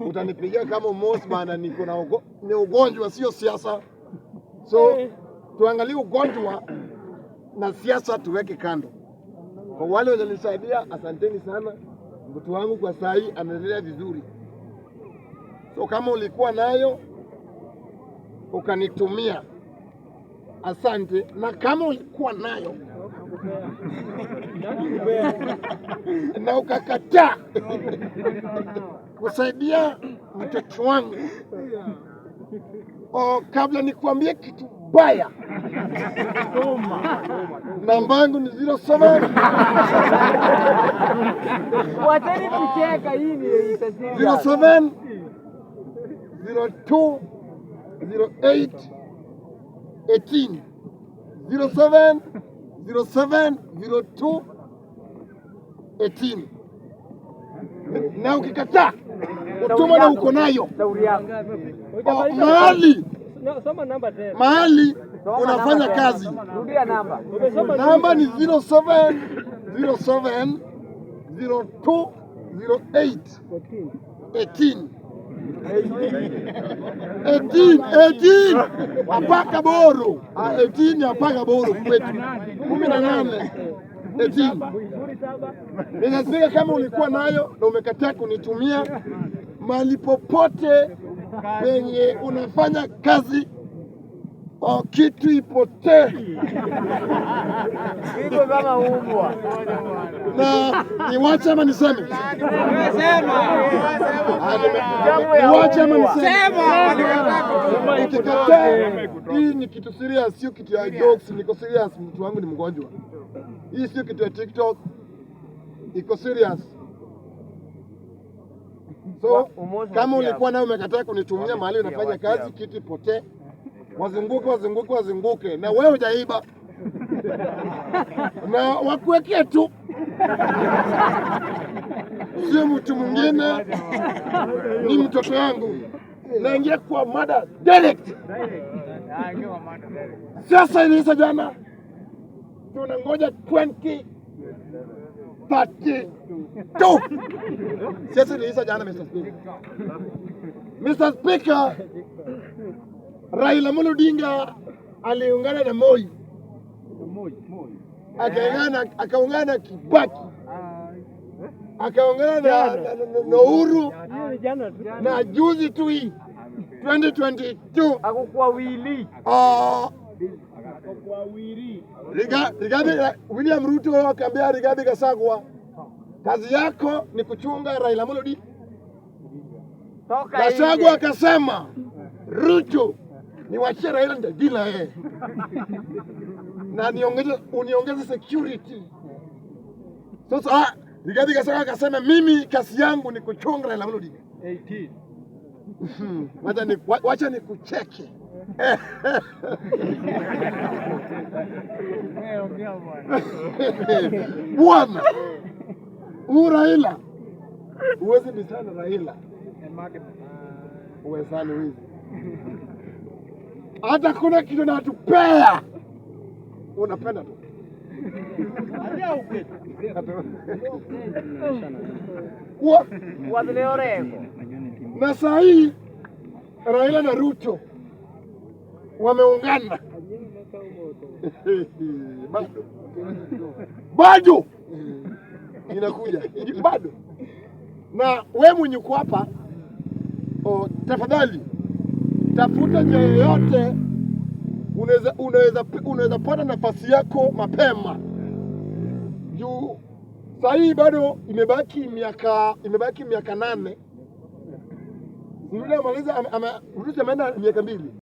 utanipigia kama Mosman, niko na ni ugonjwa, sio siasa. So eh. tuangalie ugonjwa na siasa tuweke kando. Kwa wale walionisaidia, asanteni sana. Mtoto wangu kwa saa hii anaendelea vizuri, so kama ulikuwa nayo ukanitumia, asante. Na kama ulikuwa nayo na ukakataa kusaidia mtoto wangu. O, oh, kabla nikuambie kitu baya, namba yangu ni zero seven wateni kucheka hivi zero seven zero two zero eight eighteen zero seven zero seven zero two eighteen na ukikataa na uko nayo oh, mahali mahali unafanya kazi. Namba ni 07 07 02 08 apaka boro 18 ah, apaka boro kwetu kumi na nane kama ulikuwa nayo na umekataa kunitumia mahali popote penye unafanya kazi o kitu ipotee na niwache ama niseme? Niwache ama niseme? Ukikataa hii ni kitu serious, sio kitu ya jokes. Niko serious, mtu wangu ni mgonjwa. Hii sio kitu ya TikTok, iko serious. So kama ulikuwa nayo umekataa kunitumia mahali unafanya kazi, kiti potee, wazunguke wazunguke wazunguke, na wewe hujaiba na wakuwekee tu, sio mtu mwingine, ni mtoto wangu. Naingia kwa mada direct ah, sasa. Iliisha jana, tunangoja 20 Pati tu sisi tuliisa jana, Mr. Speaker. Mr. Speaker, Raila Amolo Odinga aliungana na Moi akaungana akaungana Kibaki ah, eh? akaungana na, na, na, na Uhuru na juzi tu hii 2022 akukuwa wili uh, Rigathi, William Ruto akaambia Rigathi Gachagua, kazi yako ni kuchunga Raila Amolo Odinga. Gachagua akasema Ruto ni niwachie Raila ndagila eh. na niongeze uniongeze security. Sasa ah, Rigathi Gachagua akasema mimi kazi yangu ni kuchunga Raila Amolo Odinga 18 wacha ni kucheke Bwana huu Raila huwezi bisana Raila uwezani hizi hata kuna kitu natupea unapenda tu na saa hii Raila na Ruto wameungana bado bado inakuja bado. Na we mwenye uko hapa, tafadhali tafuta njia yoyote unaweza unaweza unaweza pata nafasi yako mapema juu saa hii bado imebaki miaka imebaki miaka nane. Mdudu amaliza ameenda miaka mbili.